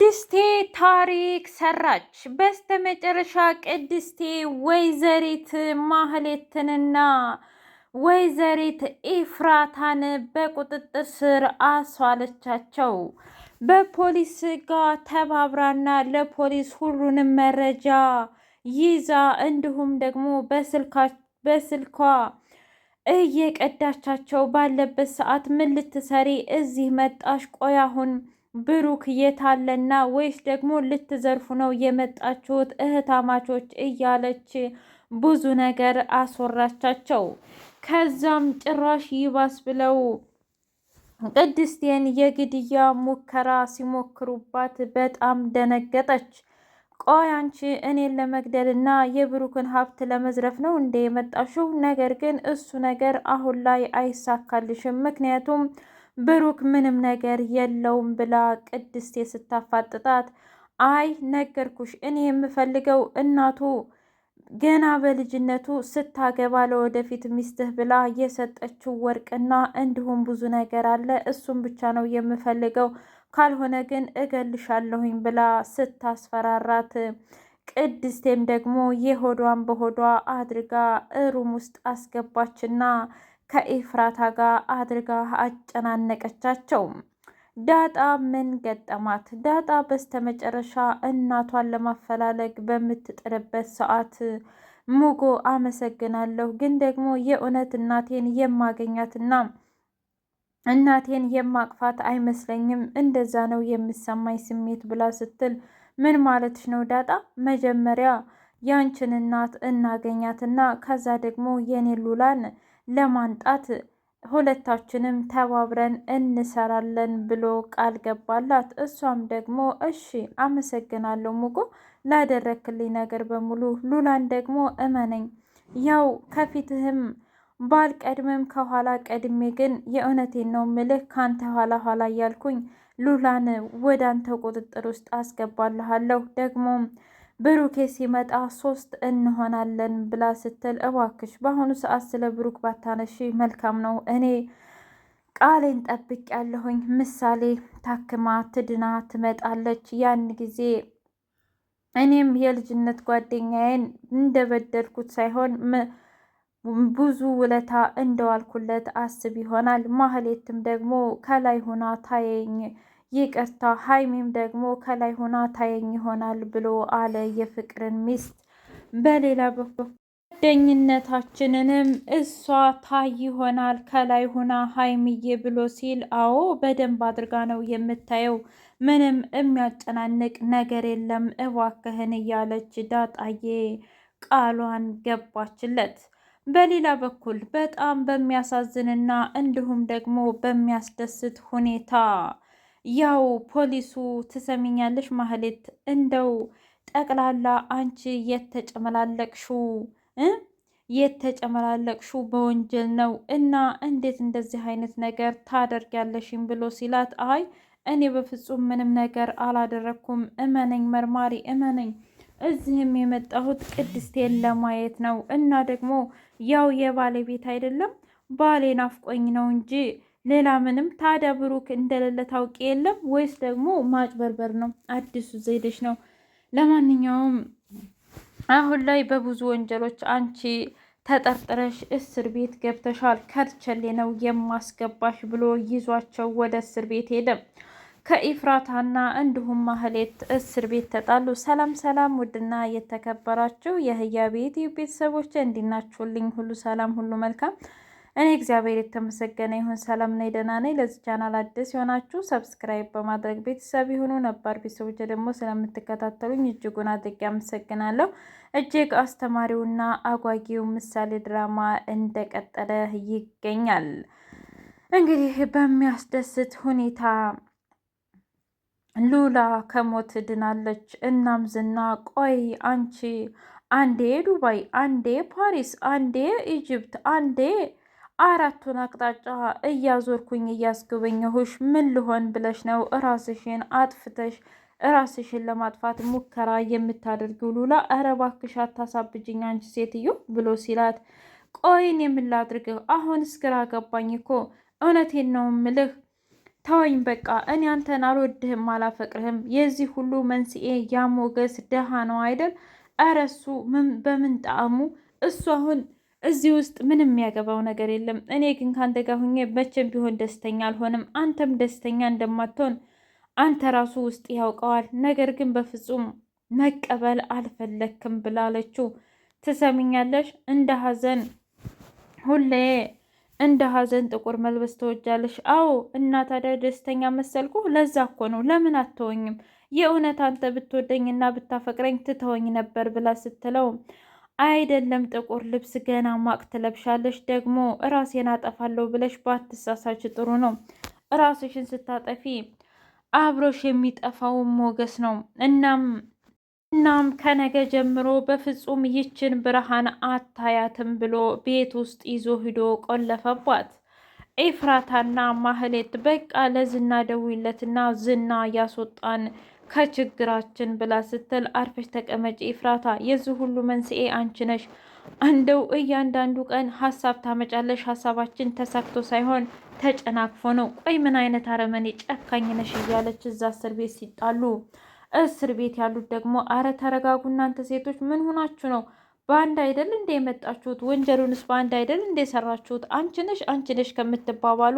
ቅድስቴ ታሪክ ሰራች። በስተመጨረሻ ቅድስቴ ወይዘሪት ማህሌትንና ወይዘሪት ኢፍራታን በቁጥጥር ስር አስዋለቻቸው። በፖሊስ ጋር ተባብራና ለፖሊስ ሁሉንም መረጃ ይዛ እንዲሁም ደግሞ በስልኳ እየቀዳቻቸው ባለበት ሰዓት ምን ልትሰሪ እዚህ መጣሽ? ቆይ አሁን ብሩክ የታለና ወይስ ደግሞ ልትዘርፉ ነው የመጣችሁት እህታማቾች እያለች ብዙ ነገር አስወራቻቸው። ከዛም ጭራሽ ይባስ ብለው ቅድስቴን የግድያ ሙከራ ሲሞክሩባት በጣም ደነገጠች። ቆይ አንቺ እኔን ና የብሩክን ሀብት ለመዝረፍ ነው እንደ የመጣሽው? ነገር ግን እሱ ነገር አሁን ላይ አይሳካልሽም ምክንያቱም ብሩክ ምንም ነገር የለውም ብላ ቅድስቴ ስታፋጥጣት፣ አይ ነገርኩሽ፣ እኔ የምፈልገው እናቱ ገና በልጅነቱ ስታገባ ለወደፊት ሚስትህ ብላ የሰጠችው ወርቅና እንዲሁም ብዙ ነገር አለ። እሱም ብቻ ነው የምፈልገው፣ ካልሆነ ግን እገልሻለሁኝ ብላ ስታስፈራራት፣ ቅድስቴም ደግሞ የሆዷን በሆዷ አድርጋ እሩም ውስጥ አስገባችና ከኤፍራታ ጋር አድርጋ አጨናነቀቻቸው። ዳጣ ምን ገጠማት? ዳጣ በስተመጨረሻ እናቷን ለማፈላለግ በምትጥርበት ሰዓት ሙጎ አመሰግናለሁ፣ ግን ደግሞ የእውነት እናቴን የማገኛትና እናቴን የማቅፋት አይመስለኝም፣ እንደዛ ነው የምሰማኝ ስሜት ብላ ስትል ምን ማለትሽ ነው ዳጣ? መጀመሪያ ያንችን እናት እናገኛትና ከዛ ደግሞ የኔ ሉላን ለማንጣት ሁለታችንም ተባብረን እንሰራለን ብሎ ቃል ገባላት። እሷም ደግሞ እሺ አመሰግናለሁ ሙጎ ላደረክልኝ ነገር በሙሉ ሉላን ደግሞ እመነኝ፣ ያው ከፊትህም ባልቀድምም ከኋላ ቀድሜ ግን የእውነቴን ነው ምልህ ካንተ ኋላ ኋላ እያልኩኝ ሉላን ወደ አንተ ቁጥጥር ውስጥ አስገባልሃለሁ ደግሞም ብሩኬ ሲመጣ ሶስት እንሆናለን ብላ ስትል፣ እባክሽ በአሁኑ ሰዓት ስለ ብሩክ ባታነሺ መልካም ነው። እኔ ቃሌን ጠብቅ ያለሁኝ ምሳሌ ታክማ ትድና ትመጣለች። ያን ጊዜ እኔም የልጅነት ጓደኛዬን እንደበደልኩት ሳይሆን ብዙ ውለታ እንደዋልኩለት አስብ ይሆናል። ማህሌትም ደግሞ ከላይ ሆና ታየኝ ይቅርታ ሀይሚም ደግሞ ከላይ ሆና ታየኝ ይሆናል ብሎ አለ የፍቅርን ሚስት። በሌላ በኩል ጓደኝነታችንንም እሷ ታይ ይሆናል ከላይ ሆና ሀይሚዬ ብሎ ሲል፣ አዎ በደንብ አድርጋ ነው የምታየው፣ ምንም የሚያጨናንቅ ነገር የለም እባክህን እያለች ዳጣዬ ቃሏን ገባችለት። በሌላ በኩል በጣም በሚያሳዝንና እንዲሁም ደግሞ በሚያስደስት ሁኔታ ያው ፖሊሱ ትሰሚኛለሽ ማህሌት፣ እንደው ጠቅላላ አንቺ የት ተጨመላለቅሹ በወንጀል ነው እና እንዴት እንደዚህ አይነት ነገር ታደርጊያለሽም ብሎ ሲላት፣ አይ እኔ በፍጹም ምንም ነገር አላደረግኩም። እመነኝ መርማሪ እመነኝ። እዚህም የመጣሁት ቅድስቴን ለማየት ነው እና ደግሞ ያው የባሌ ቤት አይደለም ባሌ ናፍቆኝ ነው እንጂ ሌላ ምንም ታዲያ ብሩክ እንደሌለ ታውቂ የለም ወይስ ደግሞ ማጭበርበር ነው? አዲሱ ዘይደሽ ነው። ለማንኛውም አሁን ላይ በብዙ ወንጀሎች አንቺ ተጠርጥረሽ እስር ቤት ገብተሻል፣ ከርቸሌ ነው የማስገባሽ ብሎ ይዟቸው ወደ እስር ቤት ሄደ። ከኢፍራታና እንዲሁም ማህሌት እስር ቤት ተጣሉ። ሰላም ሰላም! ውድና የተከበራችሁ የህያ ቤት ቤተሰቦች እንዲናችሁልኝ ሁሉ ሰላም፣ ሁሉ መልካም እኔ እግዚአብሔር የተመሰገነ ይሁን ሰላም ነኝ፣ ደህና ነኝ። ለዚህ ቻናል አዲስ የሆናችሁ ሰብስክራይብ በማድረግ ቤተሰብ የሆኑ ነባር ቤተሰቦች ደግሞ ስለምትከታተሉኝ እጅጉን አድርጌ አመሰግናለሁ። እጅግ አስተማሪውና አጓጊው ምሳሌ ድራማ እንደቀጠለ ይገኛል። እንግዲህ በሚያስደስት ሁኔታ ሉላ ከሞት ድናለች። እናም ዝና ቆይ አንቺ አንዴ ዱባይ፣ አንዴ ፓሪስ፣ አንዴ ኢጅፕት፣ አንዴ አራቱን አቅጣጫ እያዞርኩኝ እያስጎበኘሁሽ ምን ልሆን ብለሽ ነው እራስሽን አጥፍተሽ እራስሽን ለማጥፋት ሙከራ የምታደርጊው? ሉላ እረ እባክሽ አታሳብጅኝ አንቺ ሴትዮ ብሎ ሲላት፣ ቆይን የምላድርግህ አሁን እስግራ ገባኝ እኮ እውነቴን ነው ምልህ ተወኝ በቃ እኔ አንተን አልወድህም አላፈቅርህም። የዚህ ሁሉ መንስኤ ያ ሞገስ ደሃ ነው አይደል? እረ እሱ በምን ጣዕሙ እሱ አሁን እዚህ ውስጥ ምንም የሚያገባው ነገር የለም። እኔ ግን ከአንተ ጋር ሁኜ መቼም ቢሆን ደስተኛ አልሆንም። አንተም ደስተኛ እንደማትሆን አንተ ራሱ ውስጥ ያውቀዋል። ነገር ግን በፍጹም መቀበል አልፈለክም ብላለችው። ትሰምኛለሽ? እንደ ሀዘን ሁሌ እንደ ሀዘን ጥቁር መልበስ ተወጃለሽ። አዎ እና ታዲያ ደስተኛ መሰልኩ? ለዛ እኮ ነው። ለምን አትወኝም? የእውነት አንተ ብትወደኝና ብታፈቅረኝ ትተወኝ ነበር ብላ ስትለው አይደለም ጥቁር ልብስ ገና ማቅ ትለብሻለሽ። ደግሞ ራሴን አጠፋለሁ ብለሽ ባትሳሳች ጥሩ ነው። ራስሽን ስታጠፊ አብሮሽ የሚጠፋውን ሞገስ ነው። እናም እናም ከነገ ጀምሮ በፍጹም ይችን ብርሃን አታያትም ብሎ ቤት ውስጥ ይዞ ሂዶ ቆለፈባት። ኤፍራታና ማህሌት በቃ ለዝና ደውይለትና ዝና ያስወጣን ከችግራችን ብላ ስትል አርፈሽ ተቀመጪ ኤፍራታ፣ የዚህ ሁሉ መንስኤ አንቺ ነሽ። እንደው እያንዳንዱ ቀን ሀሳብ ታመጫለሽ። ሀሳባችን ተሳክቶ ሳይሆን ተጨናክፎ ነው። ቆይ ምን አይነት አረመኔ ጨካኝ ነሽ? እያለች እዛ እስር ቤት ሲጣሉ፣ እስር ቤት ያሉት ደግሞ አረ ተረጋጉ እናንተ ሴቶች ምን ሆናችሁ ነው? በአንድ አይደል እንደ የመጣችሁት ወንጀሉንስ በአንድ አይደል እንደ የሰራችሁት አንቺ ነሽ አንቺ ነሽ ከምትባባሉ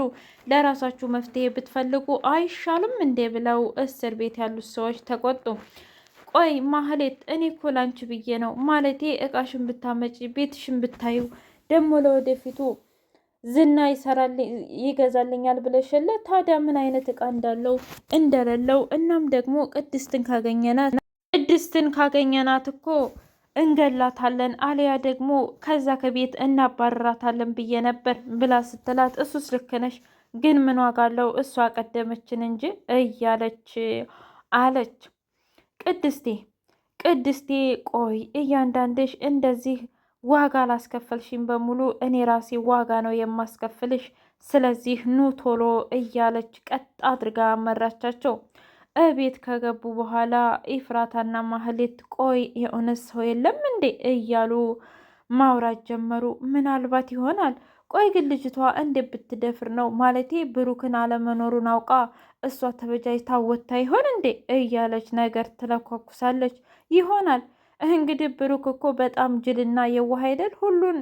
ለራሳችሁ መፍትሄ ብትፈልጉ አይሻልም እንዴ ብለው እስር ቤት ያሉት ሰዎች ተቆጡ። ቆይ ማህሌት፣ እኔ እኮ ላንቺ ብዬ ነው ማለቴ እቃሽን ብታመጪ ቤትሽን ብታዩ ደግሞ ለወደፊቱ ዝና ይገዛልኛል ብለሽለ ታዲያ ምን አይነት እቃ እንዳለው እንደሌለው እናም ደግሞ ቅድስትን ካገኘናት ቅድስትን ካገኘናት እኮ እንገላታለን አሊያ ደግሞ ከዛ ከቤት እናባረራታለን ብዬ ነበር ብላ ስትላት፣ እሱስ ልክ ነሽ፣ ግን ምን ዋጋ አለው እሷ ቀደመችን እንጂ እያለች አለች ቅድስቴ። ቅድስቴ ቆይ እያንዳንድሽ እንደዚህ ዋጋ ላስከፈልሽኝ በሙሉ እኔ ራሴ ዋጋ ነው የማስከፍልሽ። ስለዚህ ኑ ቶሎ እያለች ቀጥ አድርጋ መራቻቸው። እቤት ከገቡ በኋላ ኢፍራታና ማህሌት ቆይ የእውነት ሰው የለም እንዴ እያሉ ማውራት ጀመሩ። ምናልባት ይሆናል። ቆይ ግን ልጅቷ እንዴ ብትደፍር ነው ማለቴ ብሩክን አለመኖሩን አውቃ እሷ ተበጃጅታ ወታ ይሆን እንዴ እያለች ነገር ትለኳኩሳለች። ይሆናል እንግዲህ ብሩክ እኮ በጣም ጅልና የዋህ አይደል? ሁሉን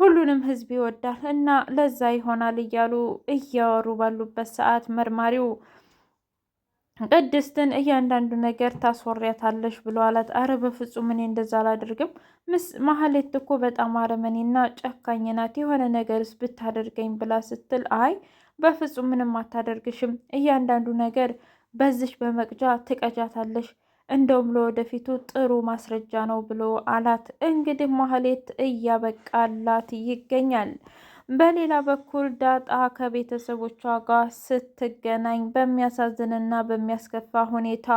ሁሉንም ህዝብ ይወዳል እና ለዛ ይሆናል እያሉ እያወሩ ባሉበት ሰዓት መርማሪው ቅድስትን እያንዳንዱ ነገር ታስወሪያታለሽ ብሎ አላት። አረ በፍጹም እኔ እንደዛ አላደርግም። ምስ ማህሌት እኮ በጣም አረመኔና ጨካኝ ናት። የሆነ ነገርስ ብታደርገኝ ብላ ስትል አይ በፍጹም ምንም አታደርግሽም። እያንዳንዱ ነገር በዚሽ በመቅጃ ትቀጃታለሽ። እንደውም ለወደፊቱ ጥሩ ማስረጃ ነው ብሎ አላት። እንግዲህ ማህሌት እያበቃላት ይገኛል። በሌላ በኩል ዳጣ ከቤተሰቦቿ ጋር ስትገናኝ በሚያሳዝንና በሚያስከፋ ሁኔታ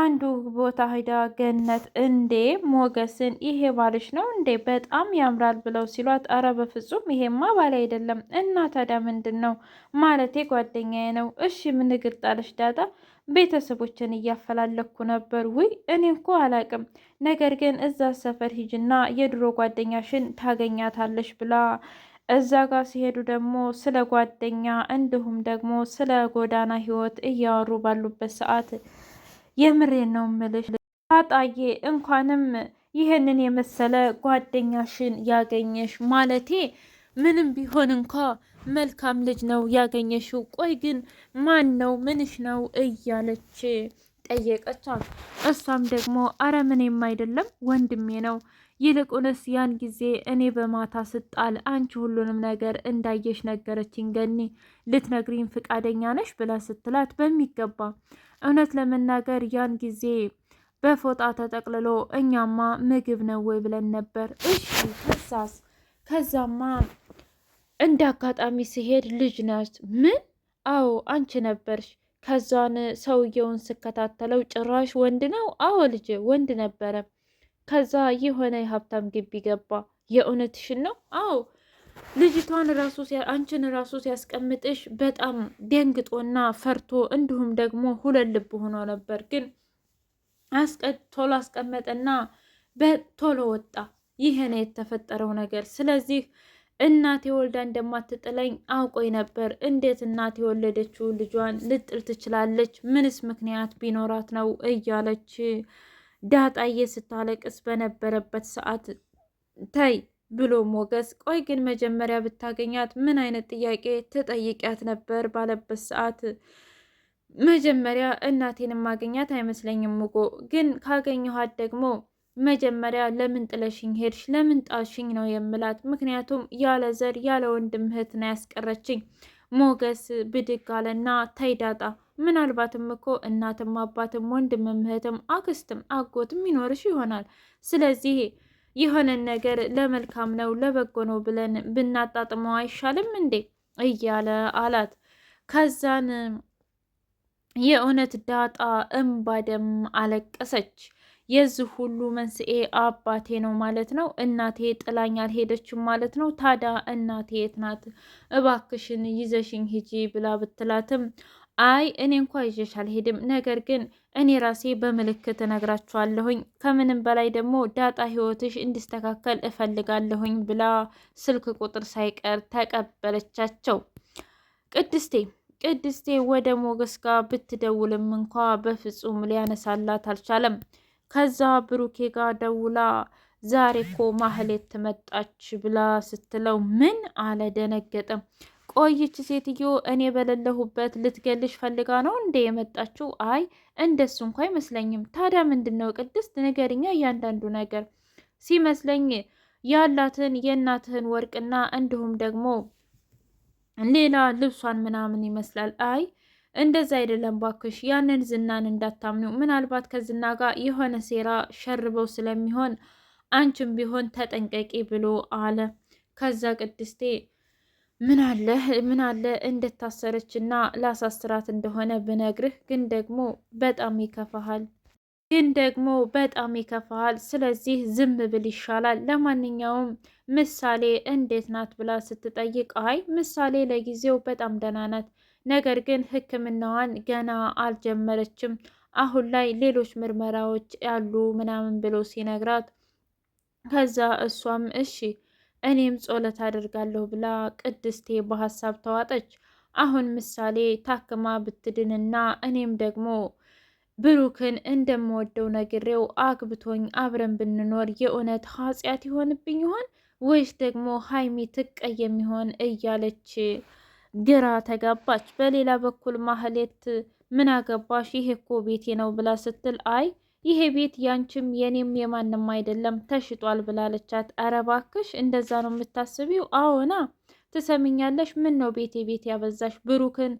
አንዱ ቦታ ሂዳ ገነት እንዴ ሞገስን ይሄ ባልሽ ነው እንዴ በጣም ያምራል ብለው ሲሏት፣ አረ በፍጹም ይሄማ ባል አይደለም። እና ታዲያ ምንድን ነው ማለቴ ጓደኛዬ ነው። እሺ ምን ጣለሽ ዳጣ? ቤተሰቦችን እያፈላለኩ ነበር። ውይ እኔ እኮ አላቅም፣ ነገር ግን እዛ ሰፈር ሂጅና የድሮ ጓደኛሽን ታገኛታለሽ ብላ እዛ ጋር ሲሄዱ ደግሞ ስለ ጓደኛ እንዲሁም ደግሞ ስለ ጎዳና ህይወት እያወሩ ባሉበት ሰዓት የምሬ ነው ምልሽ አጣዬ እንኳንም ይህንን የመሰለ ጓደኛሽን ያገኘሽ ማለቴ ምንም ቢሆን እንኳ መልካም ልጅ ነው ያገኘሽው። ቆይ ግን ማን ነው ምንሽ ነው እያለች ጠየቀቻት። እሷም ደግሞ አረ ምንም አይደለም ወንድሜ ነው ይልቁንስ ያን ጊዜ እኔ በማታ ስጣል አንቺ ሁሉንም ነገር እንዳየሽ ነገረችኝ። ገኒ ልትነግሪኝ ፍቃደኛ ነሽ ብላ ስትላት በሚገባ እውነት ለመናገር ያን ጊዜ በፎጣ ተጠቅልሎ እኛማ ምግብ ነው ወይ ብለን ነበር። እሺ ከሳስ? ከዛማ እንደ አጋጣሚ ሲሄድ ልጅ ናት። ምን? አዎ አንቺ ነበርሽ። ከዛን ሰውየውን ስከታተለው ጭራሽ ወንድ ነው። አዎ ልጅ ወንድ ነበረ። ከዛ የሆነ የሀብታም ግቢ ገባ። የእውነትሽን ነው? አዎ ልጅቷን ራሱ አንቺን ራሱ ሲያስቀምጥሽ በጣም ደንግጦና ፈርቶ እንዲሁም ደግሞ ሁለት ልብ ሆኖ ነበር። ግን ቶሎ አስቀመጠና በቶሎ ወጣ። ይሄ ነው የተፈጠረው ነገር። ስለዚህ እናቴ ወልዳ እንደማትጥለኝ አውቆኝ ነበር። እንዴት እናቴ የወለደችው ልጇን ልጥል ትችላለች? ምንስ ምክንያት ቢኖራት ነው እያለች ዳጣዬ ስታለቅስ በነበረበት ሰዓት ተይ ብሎ ሞገስ፣ ቆይ ግን መጀመሪያ ብታገኛት ምን አይነት ጥያቄ ትጠይቂያት ነበር ባለበት ሰዓት መጀመሪያ እናቴን ማገኛት አይመስለኝም እኮ ግን ካገኘኋት ደግሞ መጀመሪያ ለምን ጥለሽኝ ሄድሽ? ለምን ጣሽኝ ነው የምላት። ምክንያቱም ያለ ዘር ያለ ወንድም እህት ነው ያስቀረችኝ። ሞገስ ብድግ አለና ተይ ዳጣ ምናልባትም እኮ እናትም አባትም ወንድምም እህትም አክስትም አጎትም ይኖርሽ ይሆናል። ስለዚህ የሆነን ነገር ለመልካም ነው ለበጎ ነው ብለን ብናጣጥመው አይሻልም እንዴ እያለ አላት። ከዛን የእውነት ዳጣ እምባደም አለቀሰች። የዚህ ሁሉ መንስኤ አባቴ ነው ማለት ነው። እናቴ ጥላኝ አልሄደችም ማለት ነው። ታዲያ እናቴ የት ናት? እባክሽን ይዘሽኝ ሂጂ ብላ ብትላትም አይ እኔ እንኳ ይዤሽ አልሄድም፣ ነገር ግን እኔ ራሴ በምልክት እነግራችኋለሁኝ። ከምንም በላይ ደግሞ ዳጣ ህይወትሽ እንዲስተካከል እፈልጋለሁኝ ብላ ስልክ ቁጥር ሳይቀር ተቀበለቻቸው። ቅድስቴ ቅድስቴ ወደ ሞገስ ጋር ብትደውልም እንኳ በፍጹም ሊያነሳላት አልቻለም። ከዛ ብሩኬ ጋር ደውላ ዛሬ እኮ ማህሌት ትመጣች ብላ ስትለው ምን አለ ደነገጠ። ቆይች ሴትዮ እኔ በሌለሁበት ልትገልሽ ፈልጋ ነው እንዴ የመጣችው? አይ እንደሱ እንኳ አይመስለኝም። ታዲያ ምንድን ነው ቅድስት ንገሪኛ እያንዳንዱ ነገር ሲመስለኝ ያላትን የእናትህን ወርቅና እንዲሁም ደግሞ ሌላ ልብሷን ምናምን ይመስላል። አይ እንደዛ አይደለም ባክሽ፣ ያንን ዝናን እንዳታምኑ። ምናልባት ከዝና ጋር የሆነ ሴራ ሸርበው ስለሚሆን አንቺም ቢሆን ተጠንቀቂ ብሎ አለ። ከዛ ቅድስቴ ምን አለ ምን አለ እንደታሰረች እና ላሳስራት እንደሆነ ብነግርህ ግን ደግሞ በጣም ይከፋሃል ግን ደግሞ በጣም ይከፋሃል። ስለዚህ ዝም ብል ይሻላል። ለማንኛውም ምሳሌ እንዴት ናት ብላ ስትጠይቅ አይ ምሳሌ ለጊዜው በጣም ደህና ናት፣ ነገር ግን ሕክምናዋን ገና አልጀመረችም፣ አሁን ላይ ሌሎች ምርመራዎች ያሉ ምናምን ብሎ ሲነግራት ከዛ እሷም እሺ እኔም ጸሎት አደርጋለሁ ብላ ቅድስቴ በሀሳብ ተዋጠች። አሁን ምሳሌ ታክማ ብትድንና እኔም ደግሞ ብሩክን እንደምወደው ነግሬው አግብቶኝ አብረን ብንኖር የእውነት ኃጢአት ይሆንብኝ ይሆን ወይስ ደግሞ ሀይሚ ትቀየም ይሆን እያለች ግራ ተጋባች። በሌላ በኩል ማህሌት ምን አገባሽ ይሄ እኮ ቤቴ ነው ብላ ስትል አይ ይሄ ቤት ያንቺም የኔም የማንም አይደለም ተሽጧል ብላለቻት። አረ እባክሽ እንደዛ ነው የምታስቢው? አዎና ትሰሚኛለሽ? ምን ነው ቤቴ ቤት ያበዛሽ? ብሩክን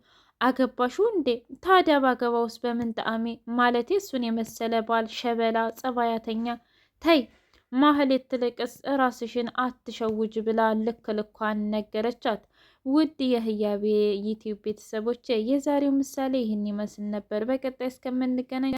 አገባሹ እንዴ? ታዲያ ባገባ ውስጥ በምን ጣዕሜ ማለቴ እሱን የመሰለ ባል ሸበላ፣ ጸባያተኛ። ተይ ማህሌት ትልቅስ ራስሽን አትሸውጅ ብላ ልክ ልኳን ነገረቻት። ውድ የህያቤ ዩቲዩብ ቤተሰቦች የዛሬው ምሳሌ ይህን ይመስል ነበር። በቀጣይ እስከምንገናኝ